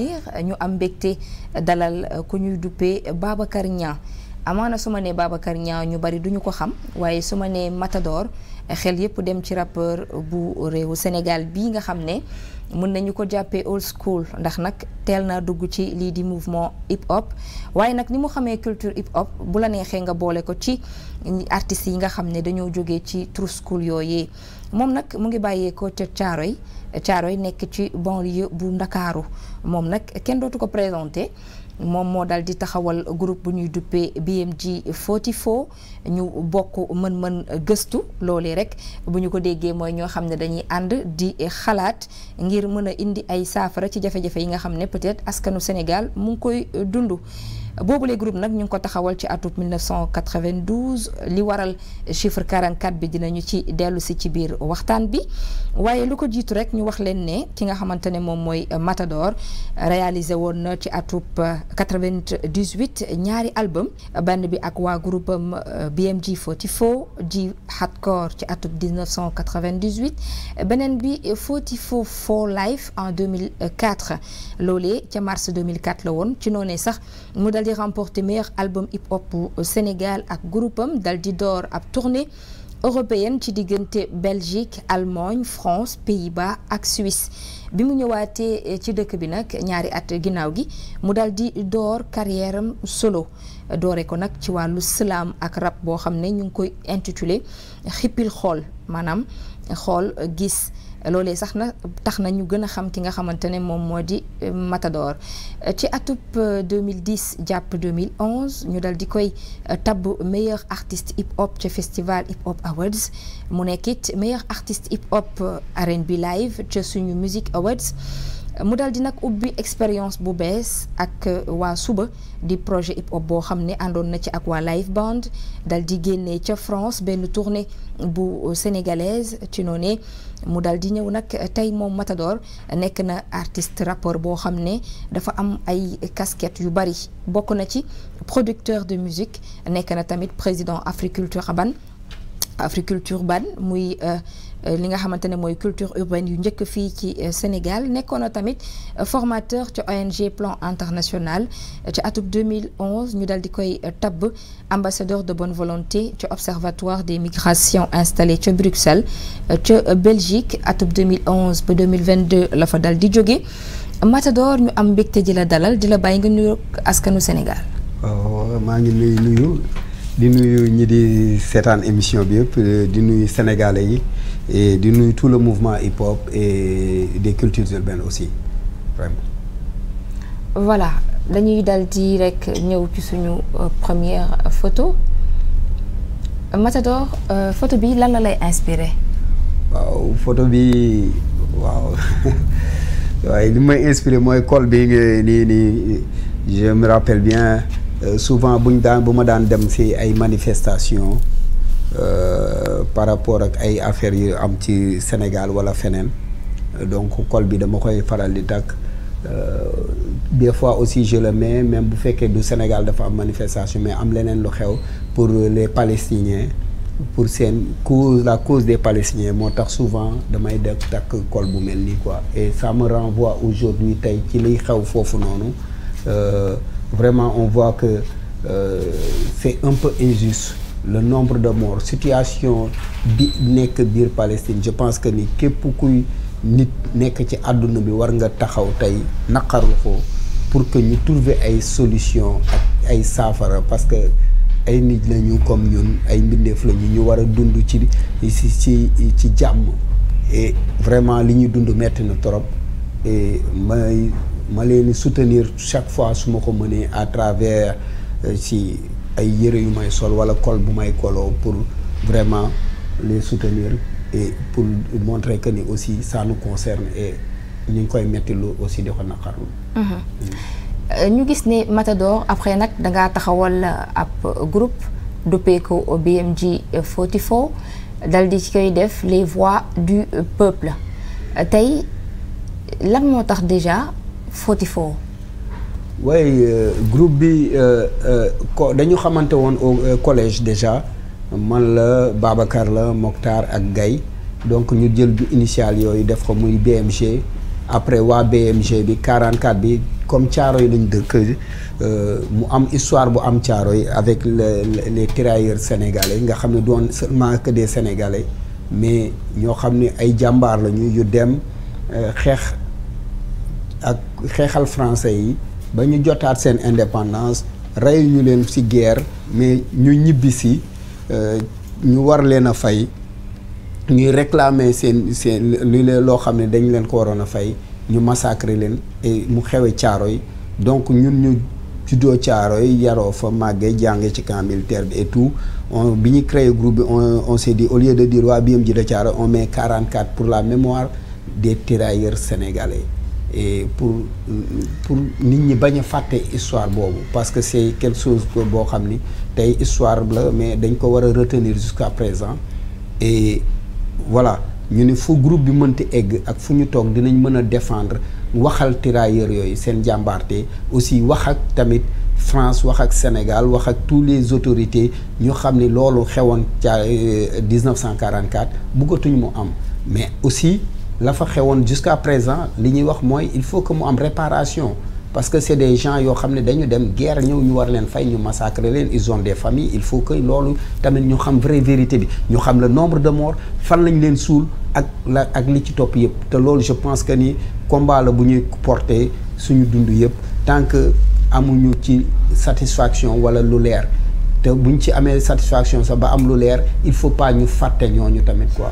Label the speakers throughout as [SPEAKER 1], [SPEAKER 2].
[SPEAKER 1] l'avenir ñu am mbégte dalal euh, ku ñuy duppee Babacar Niang amaana su ma nee baaba Niang ñu bari duñu ko xam waaye su ma nee matadoor xel yëpp dem ci rappeur bu réewu Sénégal bii nga xam ne mën nañu ko jàppee old ndax nag teel naa dugg ci lii di mouvement hip hop waaye nag ni mu xamee culture hip hop bu la neexee nga boole ko ci artistes yi nga xam ne dañoo jóge ci true school yooyee moom nag mu ngi bàyyeekoo ca Caaroy Caaroy nekk ci banlieue bu Ndakaaru moom nag kenn dootu ko présenté moom moo daal di taxawal groupe bu ñuy duppee BMG 44 ñu bokk mën-mën gëstu loolu rek bu ñu ko déggee mooy ñoo xam ne dañuy ànd di xalaat ngir mën a indi ay saafara ci jafe-jafe yi nga xam ne peut-être askanu Sénégal mu ngi koy dund. boobu boobule groupe nag ñu ngi ko taxawal ci atum 1992 li waral chiffre 44 bi dinañu ci dellu si ci biir waxtaan bi waaye lu ko jiitu rek ñu wax leen ne ki nga xamante ne moom mooy Matador réaliser woon na ci atum 98 ñaari album benn bi ak waa groupe am euh, BMG 44 di hardcore ci atum 1998 beneen bi 44 for life en 2004 loolee ca mars 2004 la woon ci noonee sax dal di remporté meilleur album hip hop bu Sénégal ak groupam dal di door ab tournée européenne ci diggante Belgique Allemagne France Pays-Bas ak Suisse bi mu ñëwaatee eh, ci dëkk bi nag ñaari at ginnaaw gi mu dal di door carrière solo doore ko nag ci wàllu sëlaam ak rap boo xam ne ñu ngi koy intitulé xippil xool maanaam xool gis loole sax na tax na ñu gën a xam ki nga xamante ne moom moo di euh, Matador euh, ci atub 2010 euh, jàpp 2011 ñu dal di koy tabb meilleur artiste hip hop ca festival hip hop awards mu nekkit meilleur artiste hip hop R&B live ca suñu music awards mu daal di nag ubbi expérience bu bees ak uh, waa suba di projet hip boo xam ne àndoon na ci ak waa live band dal di génnee ca France benn tournée bu uh, sénégalaise ci noonu mu dal di ñëw nag uh, tey moom Matador nekk na artist rapport boo xam ne dafa am ay casquette yu bari bokk na ci producteur de musique nekk na tamit président a ban afrique culture urbaine muy euh, euh, li nga xamante ne mooy culture urbaine yu njëkk fii ci euh, Sénégal nekkoon na tamit formateur ci ONG Plan International ci atum 2011 ñu dal di koy tabb ambassadeur de bonne volonté ci observatoire de migrations installé ca Bruxelles ca Belgique atum 2011 ba 2022 la fa dal di jóge Matador ñu am mbégte ji la dalal di la bàyyi nga nuyu askanu Sénégal.
[SPEAKER 2] Oh, di nuyu ñi di seetaan émission bi yëpp euh, di nuyu sénégalais yi di nuyu tout le mouvement hip-hop et des cultures benn aussi
[SPEAKER 1] voilà dañuy dal di rek ñëw ci suñu euh, première photo Matador euh, photo bi lan la lay inspiré. waaw
[SPEAKER 2] photo bi waaw waaye li may inspire mooy col bi nga nii nii je me rappelle bien. Euh, souvent bu ñu daan bu ma daan dem ci ay manifestations euh, par rapport ak ay affaires yu am ci Sénégal walla feneen euh, donc col bi dama koy faral di takk des fois aussi je mais mets même bu fekkee du Sénégal dafa am manifestation mais am leneen lu xew pour les Palestiniens pour seen cause la cause des Palestiniens moo tax souvent damay def takk col bu mel nii quoi et ça me renvoie aujourd'hui tey ci liy xew foofu noonu. vraiment on voit que euh, c'est un peu le nombre de morts situation bi nekk biir Palestine je pense que ni képp kuy nit nekk ci àdduna bi war nga taxaw tey naqaru ko pour que ñu trouver ay solution ak ay saafara parce que ay nit lañu comme ñun ay mbindeef lañu ñu war a dund ci ci ci ci jàmm vraiment li ñuy dund metti na trop et may ma leen di soutenir chaque fois su ma ko mënee à travers si euh, ay yëre yu may sol wala kol bu may koloo pour vraiment les soutenir et pour montrer que ni aussi ça nous concerne et ñu ngi koy mettilu aussi di ko naqarlu
[SPEAKER 1] mhm. mm. euh, ñu gis ne Matador après nag dangaa taxawal euh, ab groupe duppee ko BMG 44 dal di ci def les voix du peuple tey lan moo tax déjà 44.
[SPEAKER 2] waaye ouais, euh, groupe bi euh, euh, ko dañu xamante woon au collège déjà man la Babacar la Mokhtar ak Gaye donc ñu jël bi initial yooyu def ko muy BMG après waa BMG bi 44 bi comme caaro yi lañ dëkk mu am histoire bu am caaro yi avec le, le, les nga xam ne doon seulement que des sénégalais mais ñoo xam ni ay jàmbaar lañu yu dem xeex ak. xeexal français yi ba ñu jotaat seen indépendance reyuñu leen ci guerre mais ñu ñibbi si euh, ñu war leen a fay ñuy réclamer seen seen li leen loo xam ne dañu leen ko waroon a fay ñu massacrer leen et mu xewe caaro yi donc ñun ñu juddoo caaro yi yaroo fa màggee jànge ci camp militaire bi et tout on bi ñu créé groupe bi on on s'est dit au lieu de dire waa BMG de Thiaroye on met 44 pour la mémoire des tirailleurs sénégalais pour pour nit ñi bañ a fàtte histoire boobu parce que c'est quelque chose boo xam ni tey histoire la mais dañ ko war a retenir jusqu'à présent et voilà ñu ne foo groupe bi mënti egg ak fu ñu toog dinañ mën a défendre waxal tirailleurs yooyu seen jàmbaarte aussi wax ak tamit France wax ak Sénégal wax ak tous les autorités ñu xam ni loolu xewoon ca 1944 euh, bëggatuñ mu am mais aussi la fa xewoon jusqu'à présent li ñuy wax mooy il faut que mu am réparation parce que c'est des gens yoo xam ne dañu dem guerre ñëw ñu war leen fay ñu massacrer leen ils ont des familles il faut que loolu tamit ñu xam vraie vérité bi ñu xam la nombre de morts fan lañ leen suul ak la ak li ci topp yëpp te loolu je pense que ni combat la bu ñuy porter suñu dund yëpp tant que amuñu ci satisfaction wala lu leer te buñ ci amee satisfaction sax ba am lu leer il faut pas ñu fàtte ñooñu tamit quoi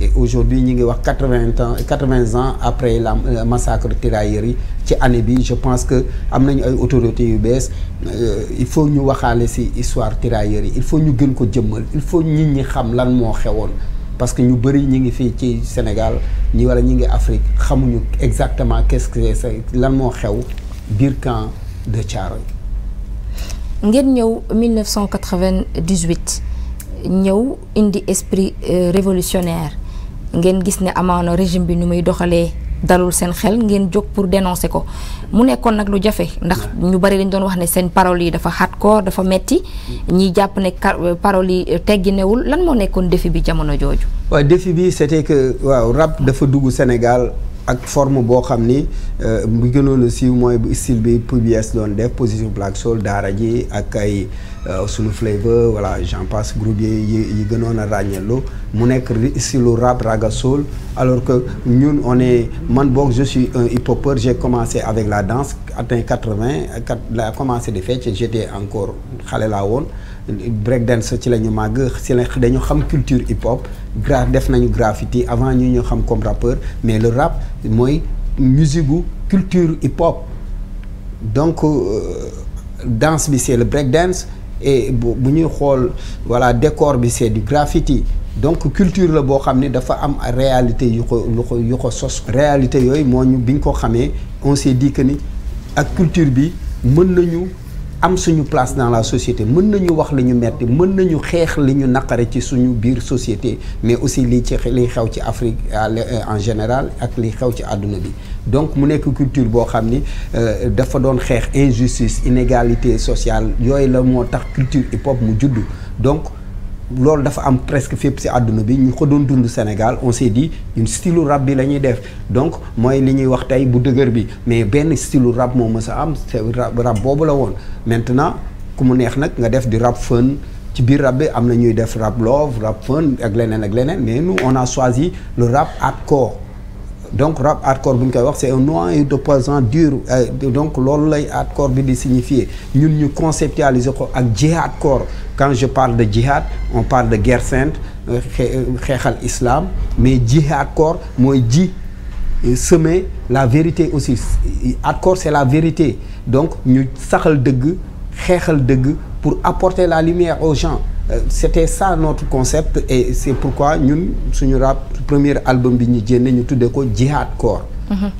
[SPEAKER 2] et aujourd'hui ñi ngi wax quatre-vingts ans quatre-vingts après la massacre tirailleurs yi ci année bi je pense que am nañu ay autorités yu bees euh, il faut ñu waxaale ci histoire tirailleurs yi il faut ñu gën ko jëmmal il faut ñi ñi xam lan moo xewoon parce que ñu bëri ñu ngi fii ci Sénégal ñi walla ñi ngi Afrique xamuñu exactement quest lan moo xew biir camp de Thiaroye
[SPEAKER 1] ngeen ñëw 1998 ñëw indi esprit euh, révolutionnaire ngeen gis ne amaana régime bi nu muy doxalee dalul seen xel ngeen jóg pour dénoncer ko mu nekkoon nag lu jafe ndax ñu bari dañ doon wax ne seen paroles yi dafa hardcore dafa metti ñiy jàpp ne paroles yi tegginewul lan moo nekkoon defi bi jamono jooju.
[SPEAKER 2] waaw défi bi c'était que waaw rap dafa dugg Sénégal. ak forme boo xam ni euh, bu gënoon a siiw mooy bu style bi PBS doon def position black soul daara ji ak ay Euh, sunu flavor voilà j'en passe groupe yi yi gënoon a ràññeelu mu nekk si lu rap raga soul alors que ñun on man boog je suis un hip hopper j'ai commencé avec la danse atteint 80 kat la commencé di fecc j'étais encore xale laa woon break dance ci la ñu màgg ci la dañu xam culture hip hop gra def nañu graffiti avant ñu ñu xam comme rappeur mais le rap mooy musique gu culture hip hop donc euh, danse bi c'est le break dance bu ñuy xool voilà décor bi c'est du graffiti donc culture la boo xam ne dafa am réalité yu ko yu ko sos réalité yooyu moo ñu bi ñu ko xamee on di dit que ni ak culture bi mën nañu am suñu place dans la société mën nañu wax li ñu metti mën nañu xeex li ñu naqare ci suñu biir société mais aussi li ci liy xew ci Afrique euh, en général ak li xew ci àdduna bi donc mu nekk culture boo xam ni euh, dafa doon xeex injustice inégalité sociale yooyu la moo tax culture hip hop mu juddu donc loolu dafa am presque fépp ci àdduna bi ñu ko doon dund Sénégal on di dit ñun stylu rap bi la ñuy def donc mooy li ñuy wax tey bu dëgër bi mais benn stylu rab moo mës a am rab boobu la woon maintenant ku mu neex nag nga def di rab fun ci biir rab bi am na ñuy def rap love rap fun ak leneen ak leneen mais nous on a choisi rab rap hardcore donc rab hardcore bu ñu koy wax c'est un noyau de poison dur euh, donc loolu lay hardcore bi di signifier ñun ñu conceptualiser ko ak jihadcore quand je parle de jihad on parle de guerre sainte euh, euh, xeexal islam mais jihadcore mooy ji semer la vérité aussi hardcore c'est la vérité donc ñu saxal dëgg xeexal dëgg pour apporter la lumière aux gens Euh, c'était ça notre concept et c'est pourquoi ñun suñu rap premier album bi ñu jénne ñu tuddee ko Jihad Core mhm.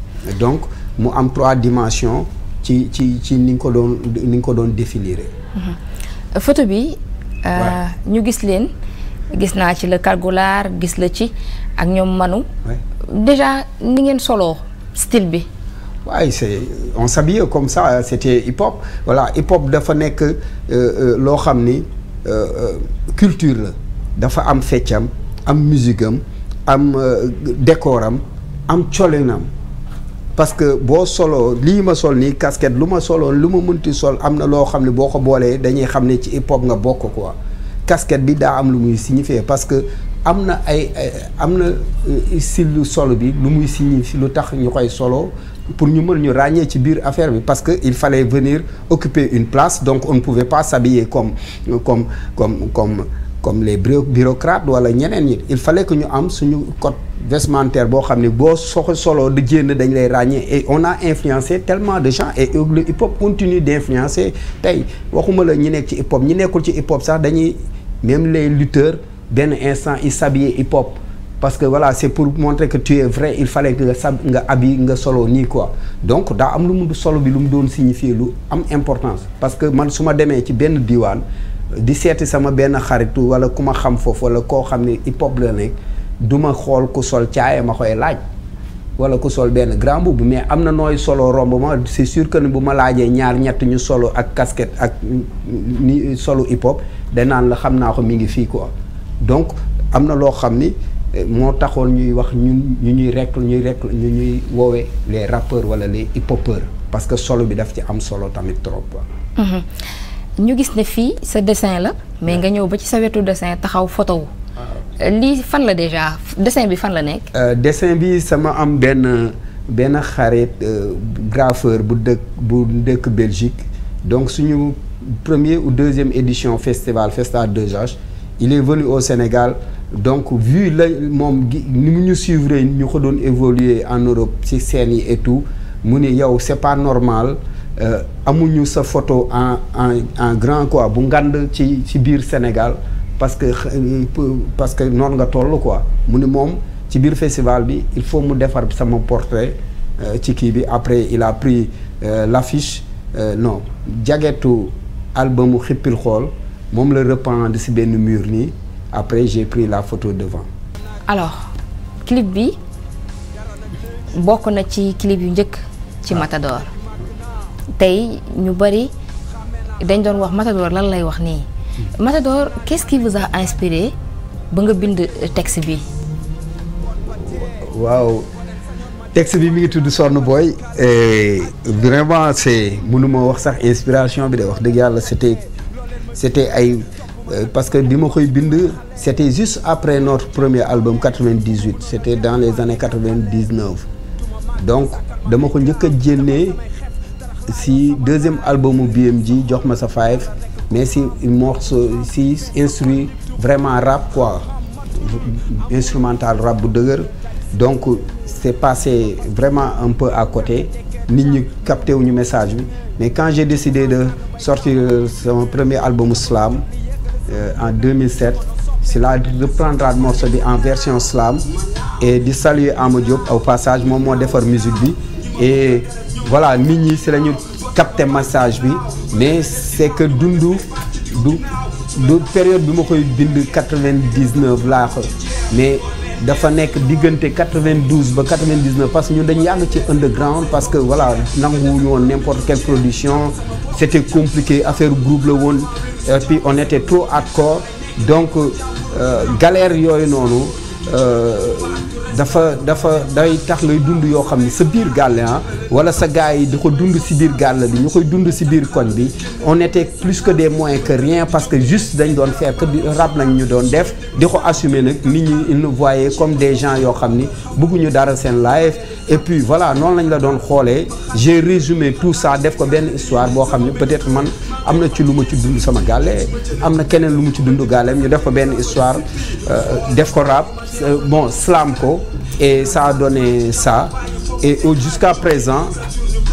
[SPEAKER 2] donc mu am trois dimensions ci ci ci ni nga ko doon ni nga ko doon définir
[SPEAKER 1] foto mhm. bi euh, ñu gis leen gis naa ci la cargolar gis la ci ak ñoom manu déjà ni ngeen soloo style bi
[SPEAKER 2] waaye c'est on s'habillait comme ça c'était hip hop voilà hip hop dafa nekk euh, loo xam ni Euh, euh, culture la dafa am feccam am musique am euh, am am am colinam parce que boo soloo lii ma sol nii casquette lu ma soloon lu ma mënti sol am na loo xam ne boo ko boolee dañuy xam ne ci hip hop nga bokk ko casquette bi daa am lu muy signifier parce que am na ay ay am na style solo bi lu muy signifier lu tax ñu koy solo pour ñu mën ñu ràññee ci biir affaire bi parce que il fallait venir occuper une place donc on ne pouvait pas s'habiller comme comme comme comme comme les bureaucrates wala ñeneen ñi il fallait que ñu am suñu code vestimentaire boo xam ne boo soxla solo di génn dañ lay ràññee et on a influencé tellement de gens et le hip hop continue d'influencer tey waxuma la ñi nekk ci hip hop ñi nekkul ci hip hop sax dañuy même les lutteurs benn instant ils s'habillaient hip hop parce que voilà c'est pour montrer que tu es vrai il fallait que nga sab nga abi nga solo nii quoi donc daa am lu mu solo bi lu mu doon fii lu am importance parce que man su ma demee ci benn diwaan di seeti sama benn xaritu wala ku ma xam foofu wala koo xam ne hip hop la nekk du ma xool ku sol caaya ma koy laaj wala ku sol benn grand boubou mais am na nooy solo romb ma c'est sûr que ne bu ma laajee ñaar ñett ñu solo ak kasket ak ni solo hip hop danaan xam naa ko mi ngi fii quoi donc am na loo xam ni moo taxoon ñuy wax ñun ñu ñuy rek ñu rek ñu ñuy woowee les rappeurs wala les hip-hopeurs parce que solo bi daf ci am solo tamit trop.
[SPEAKER 1] Mhm. ñu gis ne fii sa dessin la mais nga ñëw ba ci sa wetu dessin taxaw photo wu. Ah. lii fan la déjà dessin bi fan la nekk.
[SPEAKER 2] Euh, desin bi sama am benn benn xarit euh, graffeur bu dëkk bu dëkk Belgique donc suñu premier ou deuxième édition festival Festa 2H il est venu au Sénégal. donc vu la moom ni mu ñu suivre ñu ko doon évoluer en Europe ci seen yi et mu ni yow c'est pas normal euh, amuñu sa photo en en en grand quoi bu ngand ci ci biir Sénégal parce que euh, parce que noonu nga toll quoi mu ni moom ci biir festival bi il faut mu defar sama portrait euh, ci kii bi après il a pris l'affiche non jagetu album mu xippil xool moom la reprendre si benn mur nii après j'ai pris la photo devant.
[SPEAKER 1] alors clip bi bokk na ci clip yu njëkk ci ah. Matador tey ñu bari dañ doon wax Matador lan lay wax nii hmm. Matador qu'est-ce qui vous a inspiré ba nga bind texte bi.
[SPEAKER 2] waaw texte bi mi ngi tudd Sonn Boy et vraiment c'est mënuma wax sax inspiration bi de wax dëgg yàlla c'était c'était ay. Euh, parce que bi ma koy bind c' était juste après notre premier album 98 c' était dans les années 99 donc dama ko njëkk a jénnee si deuxième albumu ji jox ma sa five mais si morceau si instruit vraiment rab quoi instrumental rab bu dëgër donc c' est passé vraiment un peu à côté nit ñu capté wuñu message bi mais quand j'ai décidé de sortir sama premier album slam Euh, en 2007 si laa reprendra morceau bi en version slam et di saluer Ama Diop au passage moom moo defar musique bi e voilà nit ñi si la ñu massage bi mais c'est que dundu du du période bi ma koy bind quatre-vingt-dix-neuf laa ko mais dafa nekk diggante 92 ba 99 parce que ñun dañu yàgg ci underground parce que voilà nanguwuñu woon n'importe quelle production c'était compliqué affaire groupe la woon et puis on était trop hardcore donc euh, galère yooyu noonu Euh, dafa dafa day tax lay dund yoo xam ni sa biir gàlle ah wala sa gars yi di ko dund si biir gàlle bi ñu koy dund si biir koñ bi on était plus que des moyens que rien parce que juste dañ doon faire que rab nañ ñu doon def di ko assumer nag nit ñu ils comme des gens yoo xam ni bëgguñu dara seen live et puis voilà noonu lañ la doon xoolee j'ai résumé tout ça def ko benn histoire boo xam ne peut-être man am na ci lu mu ci dund sama gàlle am na keneen lu mu ci dund gàlleem ñu def ko benn histoire euh, def ko rab Euh, bon, slam ko et ça a donné ça et jusqu'à présent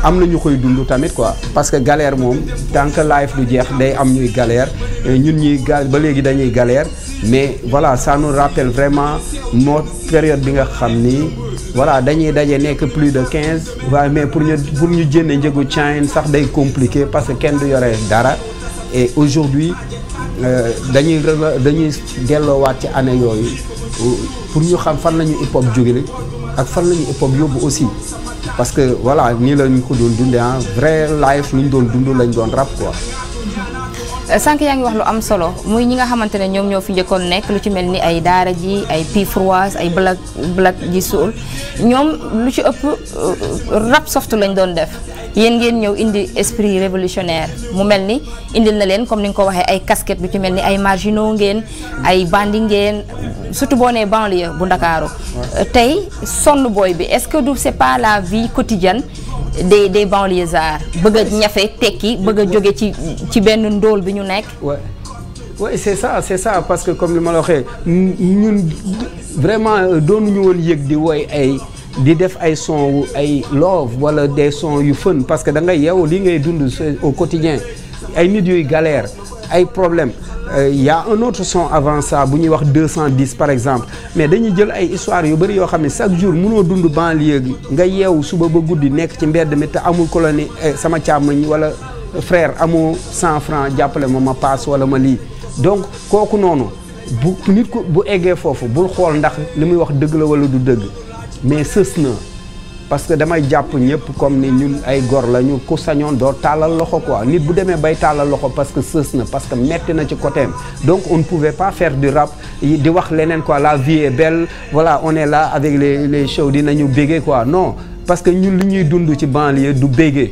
[SPEAKER 2] am na ñu koy dund tamit quoi parce que galère moom tant que life du jeex day am ñuy galère ñun ñuy gal ba léegi dañuy galère mais voilà ça nous rappelle vraiment moo période bi nga xam ni voilà dañuy daje nekk plus de quinze waaye mais pour ñu pour ñu jënd njëgu chain sax day compliqué parce que kenn du yore dara et aujourd'hui euh, dañuy dañuy delloowaat ci année yooyu pour ñu xam fan lañu ñu hip hop jógele ak fan la ñu hip yóbbu aussi parce que voilà nii la ko doon dundee ah vrai life lu ñu doon dund lañ doon rap quoi.
[SPEAKER 1] sànq yaa ngi wax lu am solo muy ñi nga xamante ne ñoom ñoo fi njëkkoon nekk lu ci mel ni ay daara ji ay pi pifroise ay black black ji suul ñoom lu ci ëpp euh, rap soft lañ doon def yéen ngeen ñëw indi esprit révolutionnaire mu mel ni indil na leen comme ni nga ko waxee ay casquette lu ci mel ni ay marginaux ngeen ay bandi ngeen surtout boo nee banlieue bu ndakaaru tey sonn booy bi est-ce que du c'est pas la vie quotidienne des des banlieusards bëgg a ñafe tekki bëgg a jóge ci ci benn ndool bi ñu nekk. oui c'est ça
[SPEAKER 2] c'est ça parce que comme li ma la waxee
[SPEAKER 1] ñun
[SPEAKER 2] vraiment euh, doonuñu woon yëg di woy ay di def ay son ay love wala des sons yu fën parce que da ngay yow li ngay dund au quotidien ay nit yuy galère ay problème Euh, y a un autre son avant ça bu ñuy wax 210 par exemple mais dañuy jël ay histoire yu bëri yoo xam ne chaque jour mënoo dund banlieue gi nga yeewu suba ba guddi nekk ci mbedd mi te amul colonie eh, sama càmmoñ wala frère amoo 100 francs jàppale ma ma paas wala ma lii donc kooku noonu bu nit ko bu eggee foofu bul xool ndax li muy wax dëgg la wala du dëgg mais sës na parce que damay jàpp ñëpp comme ni ñun ay gor la ñu ku sañoon doo tàllal loxo quoi nit bu demee bay tàllal loxo parce que sës na parce que metti na ci côté donc on ne pouvait pas faire du rap di wax leneen quoi la vie est belle voilà on la là avec les les shows dinañu béggee quoi non parce que ñun li ñuy dund ci banlieue du béggee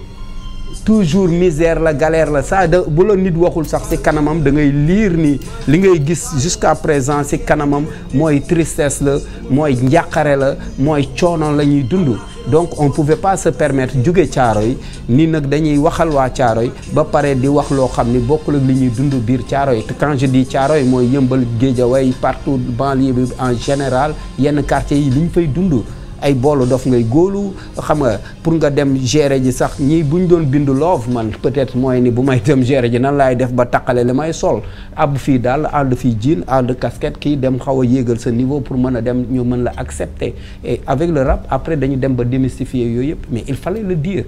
[SPEAKER 2] toujours misère la galère la ça da bu la nit waxul sax ci kanamam dangay ngay lire ni li ngay gis jusqu'à présent ci kanamam mooy tristesse la mooy njàqare la mooy coono la ñuy dund donc on pouvait pas se permettre jóge yi ni nag dañuy waxal waa yi ba pare di wax loo xam ni bokkul ak li ñuy dund biir Caaroy te quand di dis yi mooy yëmbal Géejawaay partout banlieue bi en général yenn quartier yi li ñu fay dund ay boolu dof ngay góolu xam nga pour nga dem gérer ji sax ñii bu ñu doon bind loof man peut-être mooy ni bu may dem gere ji nan laay def ba taqale li may sol ab fii daal ànd fii jean ànd casquette kiy dem xaw a yéegal sa niveau pour mën a dem ñu mën la accepter et avec le rab après dañu dem ba démystifier yooyu yëpp mais il fale le dire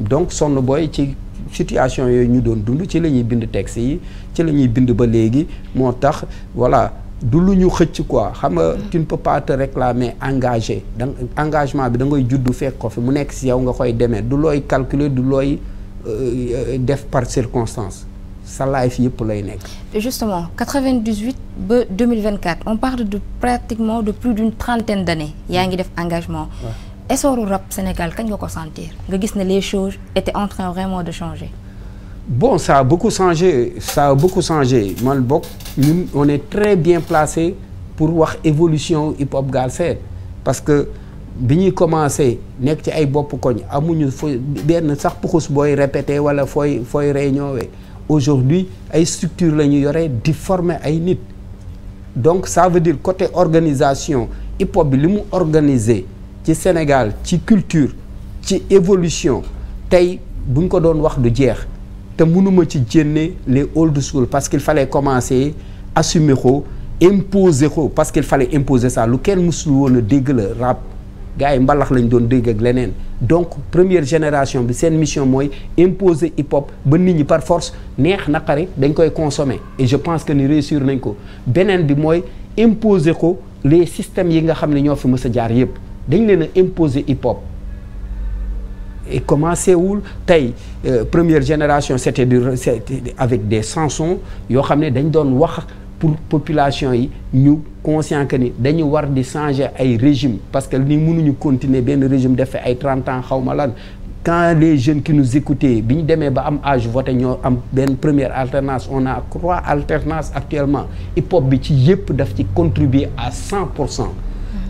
[SPEAKER 2] donc sonn booy ci situation yooyu ñu doon dund ci la ñuy bind texte yi ci la ñuy bind ba léegi moo tax voilà du lu ñu xëcc quoi xam nga tu ne peux pas réclamer engagé da engagement bi da ngay juddu fekk ko fi mu nekk si yow nga koy demee du looy calculer du looy euh, euh, def par circonstance sa life yëpp lay nekk.
[SPEAKER 1] justement 98 ba 2024 on parle de pratiquement de plus d'une trentaine d'années yaa ngi def engagement. essooru rap Sénégal kañ nga ko sentir. nga gis ne les choses étaient en train vraiment de changer.
[SPEAKER 2] Bon, saa a beaucoup changé. Ça a ko changé. Malbok, bokk on est très bien placé pour wax évolution hip-hop galsen. Parce que, bi ñuy commencé nekk ci ay bopp koñ amuñu fo benn sax puxus booy répété wala fooy fooy réunion aujourd'hui ay structure la ñu yore di former ay nit donc ça veut dire côté organisation hip-hop bi li mu organiser ci Sénégal ci culture ci évolution tey buñ ko doon wax du jeex te mënuma ci jénne les old school parce qu'il fallait commencer assumer ko imposer ko parce qu'il fallait imposer ça lu kenn mësul woon a dégg la rap gars yi mbalax lañ doon dégg ak leneen donc première génération bi seen mission mooy imposer hip hop ba nit ñi par force neex naqari dañ koy consommer et je pense que ni réussir nañ ko beneen bi mooy imposer ko les systèmes yi nga xam ne ñoo fi mës a jaar yëpp dañ leen a imposer hip hop et commencé wul tey euh, première génération c'était du avec des chansons yoo xam ne dañ doon wax pour population yi ñu conscient ni dañu war di changer ay régime parce que ni mënuñu continuer benn régime def ay trente ans xaw ma lan quand les jeunes qui nous bi ñu demee ba am âge voté ñoo am benn première alternance on a trois alternances actuellement hip hop bi ci yëpp daf ci contribuer à 100 pour cent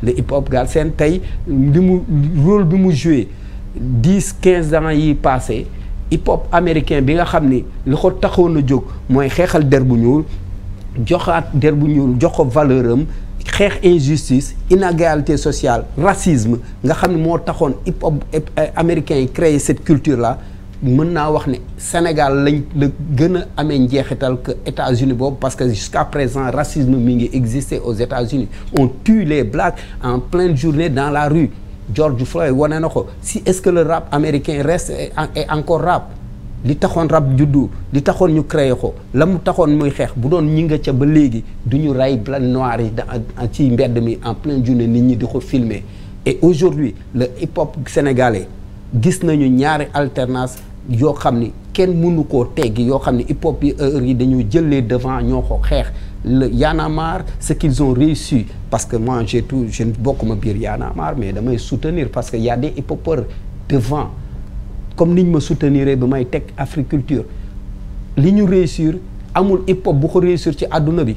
[SPEAKER 2] le hip hop Galsen tey li mu rôle bi mu joué dix quinze ans yi passé hip hop américain bi nga xam ni li ko taxoon a jóg mooy xeexal der bu ñuul joxaat der bu ñuul jox ko valeur am xeex injustice inégalité sociale racisme nga xam ne moo taxoon hip hop eh, américain yi créé cette culture là mën naa wax ni Sénégal lañ la gën a amee njeexital que États-Unis boobu parce que jusqu'à présent racisme mi ngi exister aux États-Unis on tue les blacks en pleine journée dans la rue George Floyd wane na ko si est-ce que le rap américain reste et encore rap di taxoon rap juddu di taxoon ñu créer ko la mu taxoon muy xeex bu doon ñi nga ca ba léegi du ñu rey blanc noir yi ci mbedd mi en pleine journée nit ñi di ko filmer et aujourd'hui le hip-hop sénégalais gis nañu ñaari alternance yoo xam ni kenn mënu koo teggi yoo xam ni hip-hop yi heure yi dañu jëlee devant ñoo ko xeex le Y'en a marre ce qu'ils ont réussi parce que moi j'ai tout je bokkuma biir Y'en a marre mais damay soutenir parce que y a des hip-hopeurs devant comme ni ma soutenir ba may teg Africulture li ñu réussir amul hip-hop bu ko réussir ci àdduna bi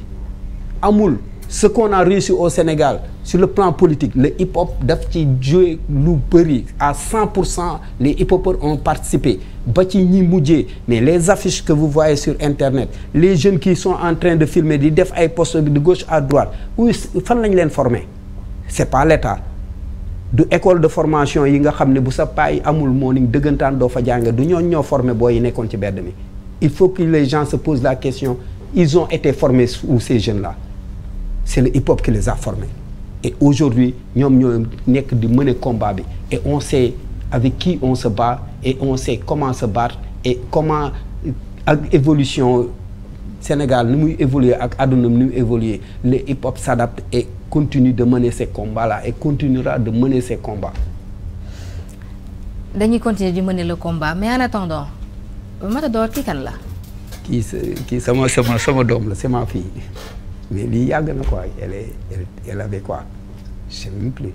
[SPEAKER 2] amul ce qu'on a réussi au Sénégal sur le plan politique la hip-hop daf ci joué lu bëri à 100 pour cent les hip-hopeurs ont participé ba ci ñi mujjee mais les affiches que vous voyez sur internet les jeunes qui sont en train de filmer di def ay postes de gauche à droite oui fan lañ leen former c'est pas l'État du école de formation yi nga xam ne bu sa paay amul moo niñ dëggantaan doo fa jàng du ñooñ ñoo formé booy yi nekkoon ci bedd mi il faut que les gens se posent la question ils ont été formés jeunes là c'est le hip-hop qui les a formés et aujourd'hui ñoom ñoo nekk di mener combat bi et on sait avec qui on se bat et on sait comment se battre et comment ak évolution Sénégal ni muy évoluer ak àdduna ni muy évoluer le hip-hop s'adapte et continue de mener ces combats-là et continuera de mener ces combats
[SPEAKER 1] dañuy continuer di mener le combat mais en attendant Matador kii kan la
[SPEAKER 2] kii kii sama sama sama doom la c'est ma fille mais lii yàgg na ko elle est elle avait quoi je sais même plus.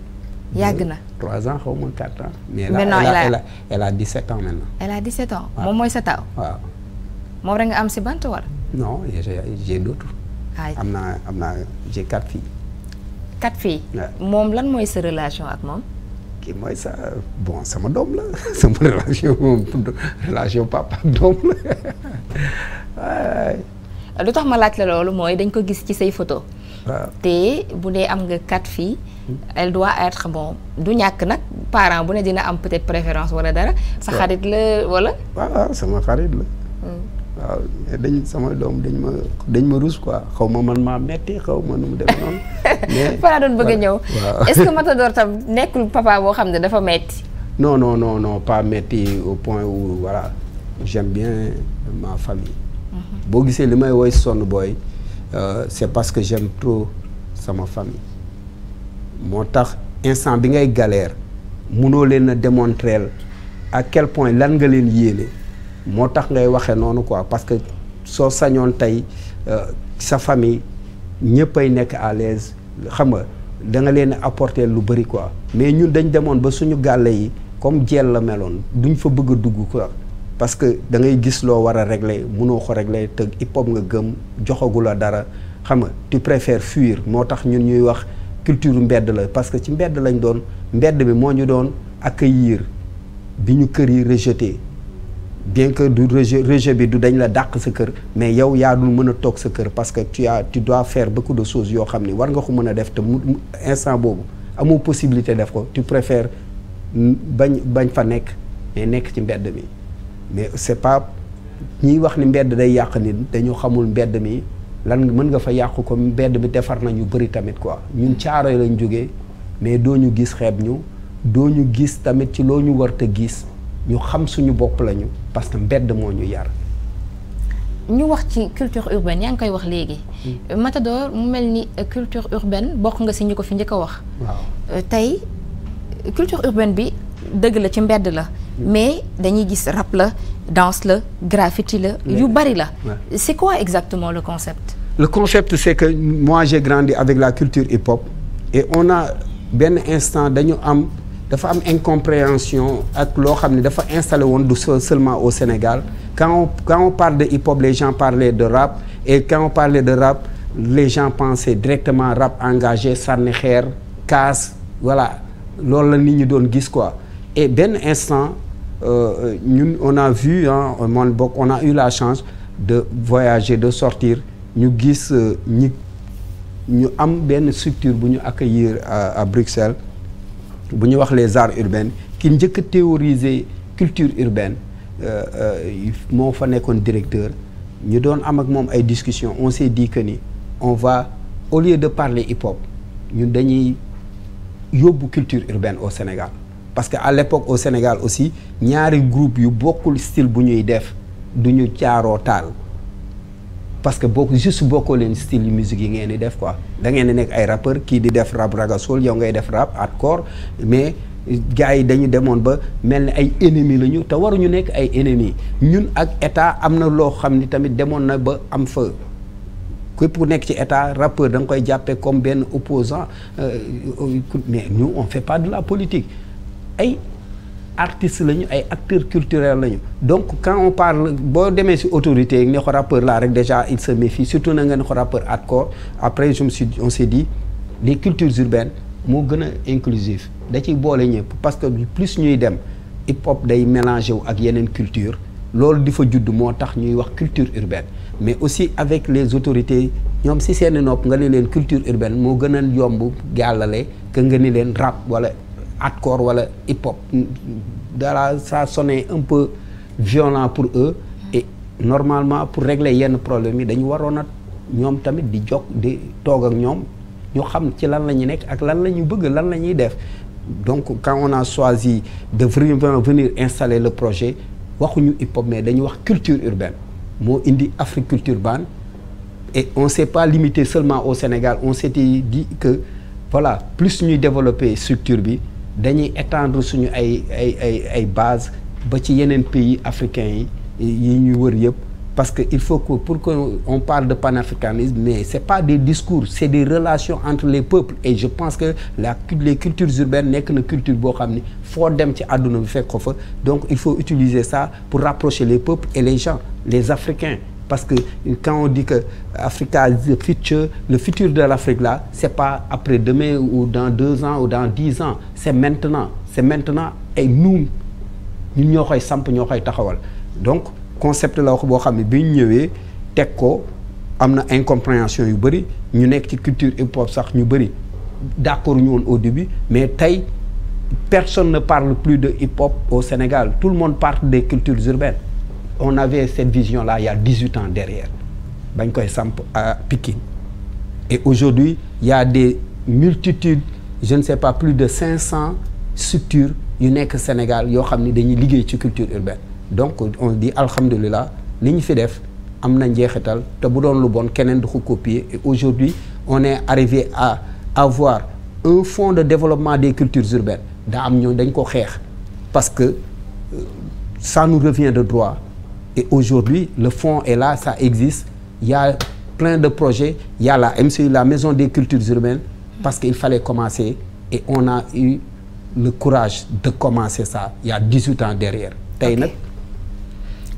[SPEAKER 2] na trois ans xaw ma quatre ans. mais là, maintenant elle a, elle a a dix sept ans maintenant.
[SPEAKER 1] elle a dix sept ans. moom mooy sa taw. waaw moom rek nga am si bant wala.
[SPEAKER 2] non j'ai j'ai d'autres. am naa am naa j'ai quatre
[SPEAKER 1] moom lan mooy sa relation ak moom.
[SPEAKER 2] kii mooy sa bon sama doom la sama relation relation papa
[SPEAKER 1] ak doom la. lu tax ma laaj la loolu mooy dañ ko gis ci say photo te bu dee am nga quatre fii hmm. elle doit être bon du ñàkk nag parent bu ne dina am peut-être préférence wala dara sa xarit la wala waaw
[SPEAKER 2] sama xarit la hmm. waaw dañ sama doom dañ ma dañ ma ruus quoi xaw ma man ma metti xaw ma nu mu def noonu mais doon bëgg a ñëw est-ce que
[SPEAKER 1] Matador tam nekkul papa boo xam ne dafa metti
[SPEAKER 2] non non non pas metti au point où voilà j'aime bien ma famille boo gisee li may woy sonn booy euh, c'est parce que j'aime trop sama famille moo tax instant bi ngay galère munoo leen a démontrer à quel point lan nga leen yéene moo tax ngay waxee noonu quoi parce que soo sañoon tey euh, sa famille ñëpp ay nekk à l'aise xam nga da leen apporter lu bëri quoi mais ñun dañ demoon ba suñu gàlle yi comme jeel la meloon duñ fa bëgg dugg ko parce que da ngay gis loo war a régler mënoo ko régler te hip-hop nga gëm joxagu la dara xam nga tu préfères fuir moo tax ñun ñuy wax culture mbedd la parce que ci mbedd lañ doon mbedd bi moo ñu doon ak yiir bi ñu kër yi rejeté bien que du rejet rejet bi du dañ la dàq sa kër mais yow yaa dul mën a toog sa kër parce que tu as tu dois fair beaucoup de sos yoo xam ni war nga ko mën a def te mu instant boobu amul possibilité def ko tu préfères mm, bañ bañ fa nekk mais nekk ci mbedd mi mais c'est pas ñiy wax ni mbedd day yàq nit dañu xamul mbedd mi lan mën nga fa yàq ko mbedd mi defar nañu bëri tamit quoi ñun caaro yi lañ jóge mais doo ñu gis xeeb ñu doo ñu gis tamit ci loo ñu war te gis ñu xam suñu bopp lañu parce que mbedd moo ñu yar.
[SPEAKER 1] ñu wax ci culture urbaine yaa ngi koy wax léegi. Hmm. Matador mu mel ni culture urbaine bokk nga si ñu ko fi njëkk a wax. tey culture urbaine bi dëgg la ci mbedd la mais dañuy gis rab la danse la graffiti la yu bari la c'est quoi exactement le concept
[SPEAKER 2] le concept c'est que moi j'ai grandi avec la culture hip-hop et on a benn instant dañu am dafa am incompréhension ak loo xam ne dafa installé woon du seulement au Sénégal quand on quand on parle de hip-hop les gens parlaient de rab et quand on parlait de rab les gens pensaient directement rab engagé sànni xeer kaas voilà loolu la nit ñu doon gis quoi et benn instant euh, euh, ñun euh, on a vu ah man bokk on a eu la chance de voyager de sortir ñu gis euh, ñi ñu am benn structure bu ñu accueillir à, Bruxelles bu ñu wax les arts urbains ki njëkk a théoriser culture urbaine moo fa nekkoon directeur ñu doon am ak moom ay discussions on s'est dit que ni on va au lieu de parler hip-hop ñun dañuy yóbbu culture urbaine au Sénégal parce que à l'époque au Sénégal aussi ñaari groupe yu bokkul style bu ñuy def du ñu caaroo taal parce que boo juste bokkoo leen style yu musique yi ngeen di def ko dangeen di nekk ay rappeur kii di def rap raga soul yow ngay def at hardcore mais gars yi dañu demoon ba mel ni ay ennemis la ñu te ñu nekk ay ennemis ñun ak état am na loo xam ni tamit demoon na ba am fa képp ku nekk ci état rappeur da nga koy jàppee comme benn opposant euh, euh, mais ñu on fait pas de la politique ay artistes lañu ay acteurs culturels lañu donc quand on parle boo demee ci autorité yi ne ko rappeur laa rek déjà il se méfie surtout na nga ne ko rappeur hardcore après je me suis on s'est di les cultures urbaines moo gën a inclusif da ciy boole ñëpp parce que plus ñuy dem hip hop day mélangé wu ak yeneen culture loolu di fa juddu moo tax ñuy wax culture urbaine mais aussi avec les autorités ñoom si seeni nopp nga ne leen culture urbaine moo gën a yomb jàllale que nga ni leen rap wala hardcore wala hip hop dara ça sone un peu violent pour eux normalement pour régler yenn problème yi dañu waroon a ñoom tamit di jog di toog ak ñoom ñu xam ci lan la ñu nekk ak lan la ñu bëgg lan la ñuy def donc quand on a choisi de vraiment venir installer le projet waxuñu hip hop mais dañu wax culture urbaine moo indi culture urbaine et on s'est pas limité seulement au Sénégal on s'était dit que voilà plus ñuy développer structure bi dañuy étendre suñu ay ay ay ay base ba ci yeneen pays africains yi yi ñuy wër yëpp parce que il faut que pour que on parle de panafricanisme mais c'est pas des discours c'est des relations entre les peuples et je pense que la les cultures urbaines nekk na culture boo xam ni foo dem ci àdduna bi fekk ko fa donc il faut utiliser ça pour rapprocher les peuples et les gens les Africains parce que quand on dit que Africa the future le futur de l'Afrique là c'est pas après demain ou dans deux ans ou dans dix ans c'est maintenant c'est maintenant et nous ñun ñoo koy samp ñoo koy taxawal concept la wax boo xam ne bi ñu ñëwee teg ko am na incompréhension yu bëri ñu nekk ci culture hip hop sax ñu bëri d'accord ñu woon au début mais tey personne ne parle plus de hip hop au Sénégal tout le monde parle des cultures urbaines on avait cette vision là il y a dix-huit ans derrière bañ koy samp à Pikine et aujourd'hui il y a des multitudes je ne sais pas plus de cinq cents structures yu nekk Sénégal yoo xam ni dañuy liggéey ci culture urbaine donc on dit alhamdulilah ni ñu fi def am na njeexital te bu doon lu bon keneen du ko copier et aujourd'hui on est arrivé à avoir un fonds de développement des cultures urbaines daa am ñoo dañ ko xeex parce que euh, ça nous revient de droit et aujourd'hui le fonds et la ça existe ya y de projets yàlla y la MCU maison des cultures urbaines parce que qu'il fallait commencer et on a eu le courage de commencer ça ya y a 18 derrière tey nag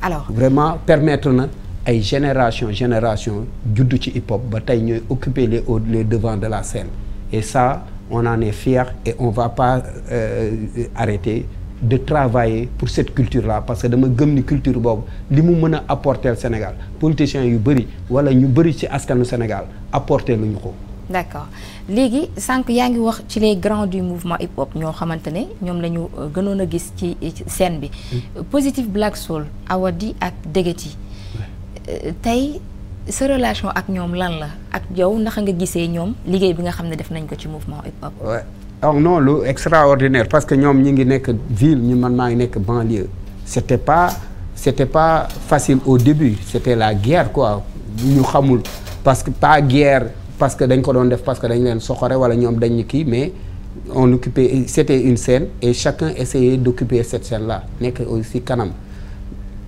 [SPEAKER 2] alors vraiment permettre na ay génération génération juddu ci hip hop ba tey ñooy occuper les hauts les devants de la scène et ça on naa ne fier et on va pas euh, arrêter de travailler pour cette culture là parce que dama gëm ni culture boobu li mu mën a apporter Sénégal politiciens yu bëri wala ñu bëri ci askanu Sénégal apporter lu ñu ko
[SPEAKER 1] d'accord léegi sànq yaa ngi wax ci les grands du mouvement hip hop ñoo xamante ne ñoom la ñu euh, gënoon a gis ci scène bi. Mm. Positive Black Soul Awadi ak Degeti euh, tey sa relation ak ñoom lan la ak yow naka nga gisee ñoom liggéey bi nga xam ne def nañ ko ci mouvement hip hop.
[SPEAKER 2] waaw non lu extraordinaire parce que ñoom ñi ngi nekk ville ñu man maa ngi nekk banlieue. c'était pas c'était pas facile au début c'était la guerre quoi ñu xamul parce que pas guerre. parce que dañ ko doon def parce que dañ leen soxore wala ñoom dañ ñu kii mais on occupait c'était une scène et chacun essayait d'occuper cette scène là nekk aussi kanam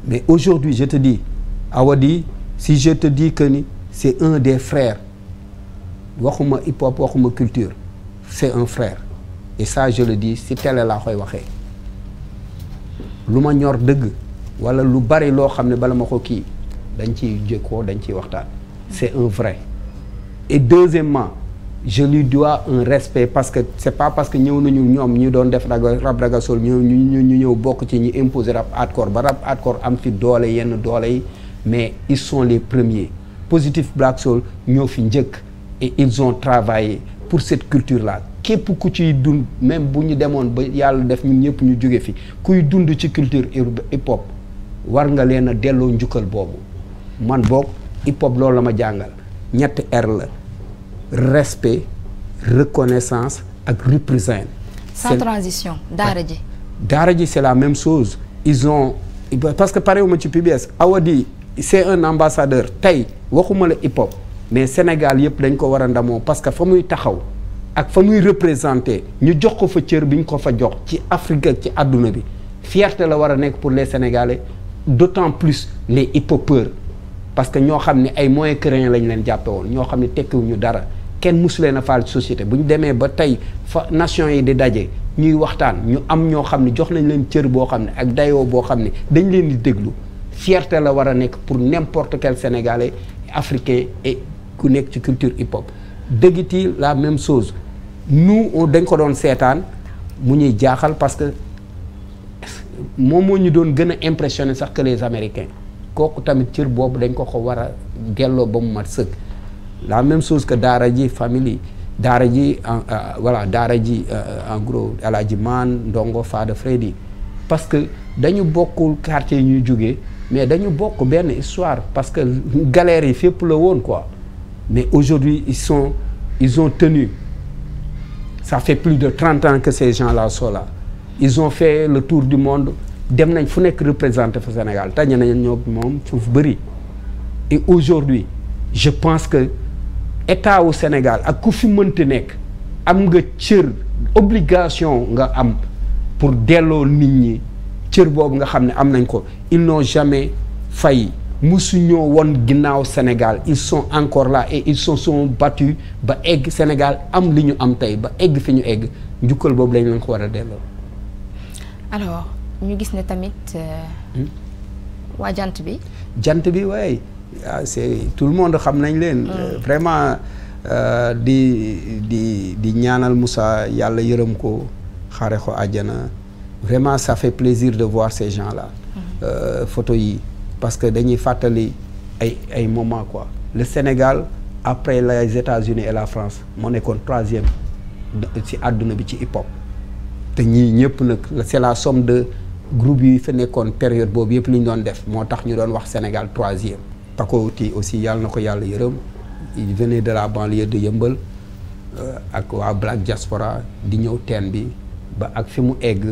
[SPEAKER 2] mais aujourd'hui je te dis Awadi si je te que ni c'est un des frères waxuma hip hop waxuma culture c'est un fraire et ça je le dis si tele laa koy waxee lu ma ñor dëgg wala lu bari loo xam ne bala ma ko kii dañ ciy jékkoo dañ ciy waxtaan c'est un vrai et deuxièmement je lui dois un respect parce que c'est pas parce que ñëw nañu ñoom ñu doon def raga rab ragasol ñu ñu ñu ñëw bokk ci ñu imposer rab hardcore ba rab hardcore am fi doole yenn doole yi mais ils sont les premiers Positive Black Soul ñoo fi njëkk et ils ont travaillé pour cette culture là képp ku ciy dund même bu ñu demoon ba yàlla def ñun ñëpp ñu jóge fi kuy dund ci culture hip hop war nga leen a delloo njukkal boobu man boog hip hop loolu la ma jàngal ñetti R la respect reconnaissance ak représentation.
[SPEAKER 1] sans transition daara ji.
[SPEAKER 2] daara ji c'est la même chose ils ont parce que parewuma ci PBS Awadi c'est un ambassadeur tey waxuma la hip hop mais Sénégal yëpp dañ ko war a ndamoo parce que fa muy taxaw ak fa muy représenter ñu jox ko fa cër bi ñu ko fa jox ci Afrique ak ci àdduna bi fierté la war a nekk pour les Sénégalais d'autant plus les hip-hopeurs parce que ñoo xam ni ay moyens créés lañ leen jàppe woon ñoo xam ne tekkiwuñu dara. kenn mosuleen a faal société bu demee ba tey fa nation yi di daje ñuy waxtaan ñu am ñoo xam ne jox nañ leen cër boo xam ne ak dayoo boo xam ne dañ leen di déglu fierté la war a nekk pour n'importe quel sénégalais africain et ku nekk ci culture hip hop dëggiti la même chose nous dañ ko doon seetaan mu ñuy jaaxal parce que moom moo ñu doon gën a impressionné sax que américain kooku tamit cër boobu dañ ko ko war a delloo ba mu mat sëkk la même chose que daara ji famille daara ji en euh, voilà daara ji euh, euh, en gros El Hadji Man Ndongo Fada Freddy parce que dañu bokkul quartier yi ñuy jógee mais dañu bokk benn histoire parce que galère yi fépp la woon quoi mais aujourd'hui ils sont ils ont tenu ça fait plus de trente ans que ces gens là sont là ils ont fait le tour du monde dem nañ fu nekk représenté fa Sénégal tañe nañ ñoo moom fu bëri et aujourd'hui je pense que état wu Sénégal ak ku fi mënti nekk am nga cër obligation nga am pour delloo nit ñi cër boobu nga xam ne am nañ ko ils n'ont jamais failli musuñoo woon ginnaaw Sénégal ils sont encore la et ils se sont battus ba egg Sénégal am li ñu am tey ba egg fi ñu egg njukkal boobu lañ leen ko war a delloo.
[SPEAKER 1] alors ñu gis ne tamit. Euh, hmm? waa jant bi.
[SPEAKER 2] jant bi waaye waaw ah, c'est tout le monde xam nañ leen. Mm. Euh, vraiment euh, di di di ñaanal Moussa yàlla yërëm ko xaare ko àjjana vraiment ça fait plaisir de voir ces gens là. Mm-hmm. Euh, photo yi parce que dañuy fàttali ay ay moment quoi. le Sénégal après la États-Unis et la France moo nekkoon troisième ci àdduna bi ci hip te ñii ñëpp nag c'est la somme de groupe yi fi nekkoon période boobu yëpp li ñu doon def moo tax ñu doon wax Sénégal troisième. pakoti aussi yàlla na ko yàlla yërëm il de la banlieue de yëmbal euh, ak waa Black Diaspora di ñëw teen bi ba ak fi mu egg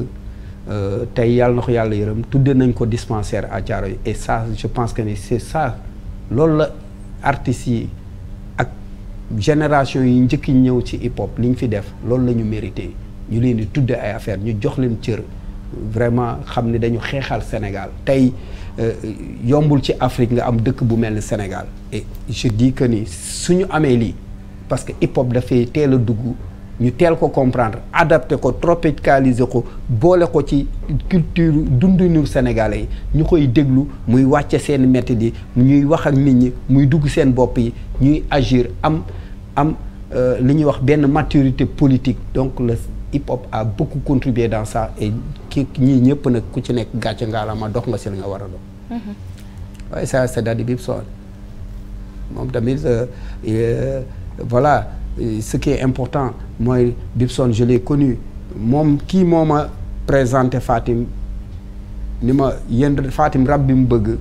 [SPEAKER 2] euh, tey yàlla na ko yàlla yërëm tudde nañ ko dispensaire à yi et sa je pense que ni c'est sa loolu la artistes yi ak génération yi njëkki ñëw ci hip hop li ñu fi def loolu la ñu mérité ñu leen di tudde ay affaire ñu jox leen cër vraiment xam ni dañu xeexal Sénégal tey Euh, yombul ci Afrique nga am dëkk bu mel ni Sénégal et je dis que ni suñu amee lii parce que hip hop dafay teel a dugg ñu teel ko comprendre adapté ko tropicaliser ko boole ko ci culture dundinu sénégalais yi ñu koy déglu muy wàcce seen métti di ñuy wax ak nit ñi muy dugg seen bopp yi ñuy agir am am euh, li ñuy wax benn maturité politique donc la hip hop a beaucoup contribué dans ça et ki ñii ñëpp nag ku ci nekk gàcce ngaalama dox nga si li nga war a dox. waaye mhm. ça c' est Daddy Bib Soul moom tamit euh, euh, voilà ce qui est important mooy Bib Soul je l' moom kii moom ma présenté Fatim ni ma yéen Fatim rab bi mu bëgg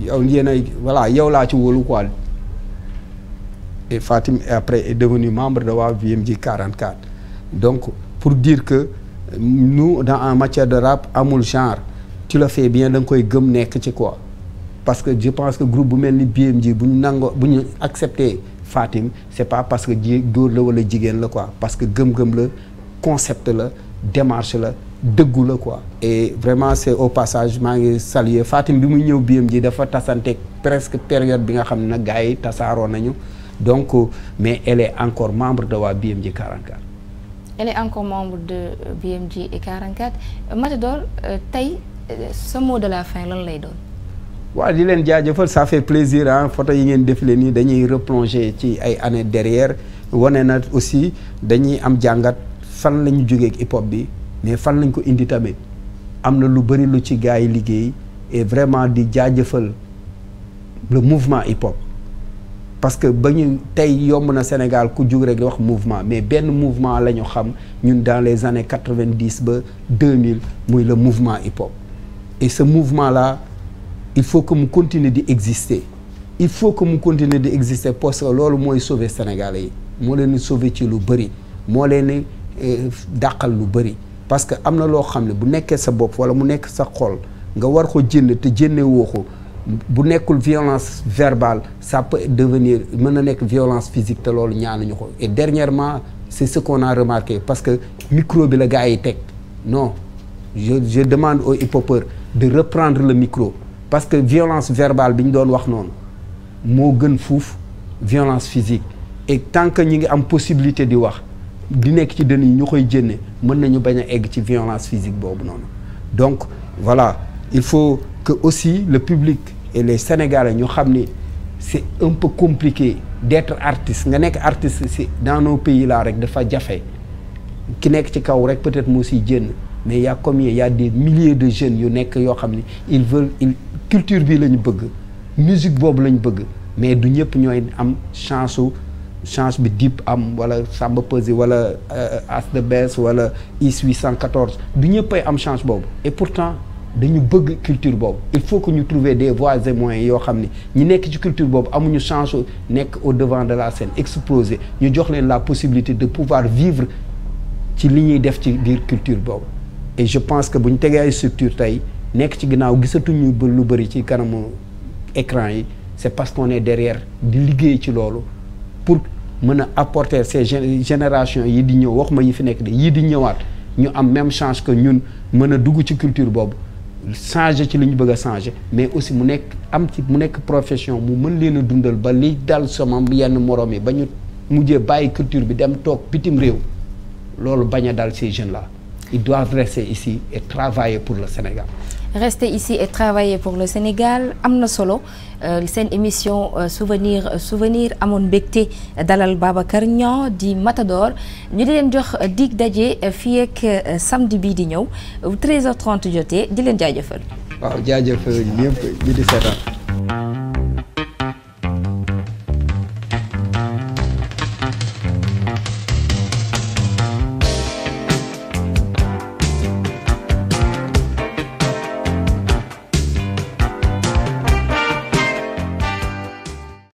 [SPEAKER 2] yow yéen ay voilà yow laa ci wóolu quoi. et Fatim après est devenu membre de WAV VMJ 44 donc pour diir que nous dans en matière de rap amul genre tu le fais bien da nga koy gëm nekk ci quoi parce que je pense que group bu mel ni BMG bu ñu nangoo bu ñu accepté Fatim c'est pas parce que ji góor la wala jigéen la quoi parce que gëm-gëm la concept la démarche la dëggu la quoi et vraiment c'est au passage maa ngi saluer Fatim bi mu ñëw BMG dafa tasante presque période bi nga xam na nag gars yi tasaaroo nañu donc euh, mais elle est encore membre de waa BMG 44
[SPEAKER 1] elle est encore membre de euh, BMG et 44 euh, Matador euh, tey sa mot de la fin lan lay doon.
[SPEAKER 2] waaw di leen jaajëfal ça fait plaisir ah photo yi ngeen défilé nii dañuy replonger ci ay années derrière wane na aussi dañuy am jàngat fan lañu ñu jógee hip hop bi mais fan lañ ko indi tamit am na lu bëri lu ci gars yi liggéey et vraiment di jaajëfal le mouvement hip hop. parce que ba ñu tey yomb na Sénégal ku jug rek di wax mouvement mais benn mouvement la ñu xam ñun dans les années quatre-vingt-dix ba deux mille muy le mouvement hip-hop et ce mouvement là il faut que mu continuer di exister il faut que mu continuer di exister parce loolu mooy sauver Sénégalais yi moo leen di sauver ci lu bëri moo leen di eh, dàqal lu bëri parce que am na loo xam ne bu nekkee sa bopp wala mu nekk sa xol nga war ko jënd te jëndee woo ko bu nekkul violence verbale ça peut devenir mën na nekk violence physique te loolu ñaanuñu ko et dernièrement c'est ce qu'on a parce que micro bi la gars yi teg non je je demande au hip de reprendre la micro parce que violence verbale bi ñu doon wax noonu moo gën fuuf violence physique et tant que ñu ngi am possibilité di wax di nekk ci dënn ñu koy jënne mën nañu bañ a egg ci violence physique boobu noonu donc voilà il faut que aussi le public et les Sénégalais ñu xam ni c'est un peu compliqué d'être artiste nga nekk artiste si dans nos pays là rek dafa jafe ki nekk ci kaw rek peut-être moo siy jënn mais ya a ya y a des milliers de jeunes yu nekk yoo xam ni ils veulent ils culture bi la ñu bëgg musique boobu lañu bëgg mais du ñëpp ñooy am chance su chance bi dip am wala Samba Peuzzi wala euh, As de Best wala IS 814 du ñëpp ay am chance boobu et pourtant dañu bëgg culture boobu il faut que ñu trouver des voies et moyens yoo xam ni ñi nekk ci culture boobu amuñu chance nekk au devant de la scène exposé ñu jox leen la possibilité de pouvoir vivre ci li ñuy def ci biir culture boobu et je pense que bu ñu tegee ay structure tey nekk ci ginnaaw gisatuñu ba lu bëri ci kanamu écran yi c'est parce qu'on est derrière di liggéey ci loolu pour mën a apporter ces générations yi di ñëw wax ma yi fi nekk de yii di ñëwaat ñu am même chance que ñun mën a dugg ci culture boobu changer ci li ñu bëgg a changer mais aussi mu nekk am ci mu nekk profession mu mën leen a dundal ba li dal sama yenn morom yi ba ñu mujjee bàyyi culture bi dem toog bitim réew loolu bañ a dal ces jeunes là ils doivent rester ici et travailler pour le Sénégal
[SPEAKER 1] rester ici et travailler pour le Sénégal am na solo euh, seen émission euh, souvenir euh, souvenir amoon mbégte dalal Babacar Niang di Matador ñu leen jox dig daje fii ak bii di ñëw 13h30 di leen jaajëfal.
[SPEAKER 2] waaw jaajëf ñëpp di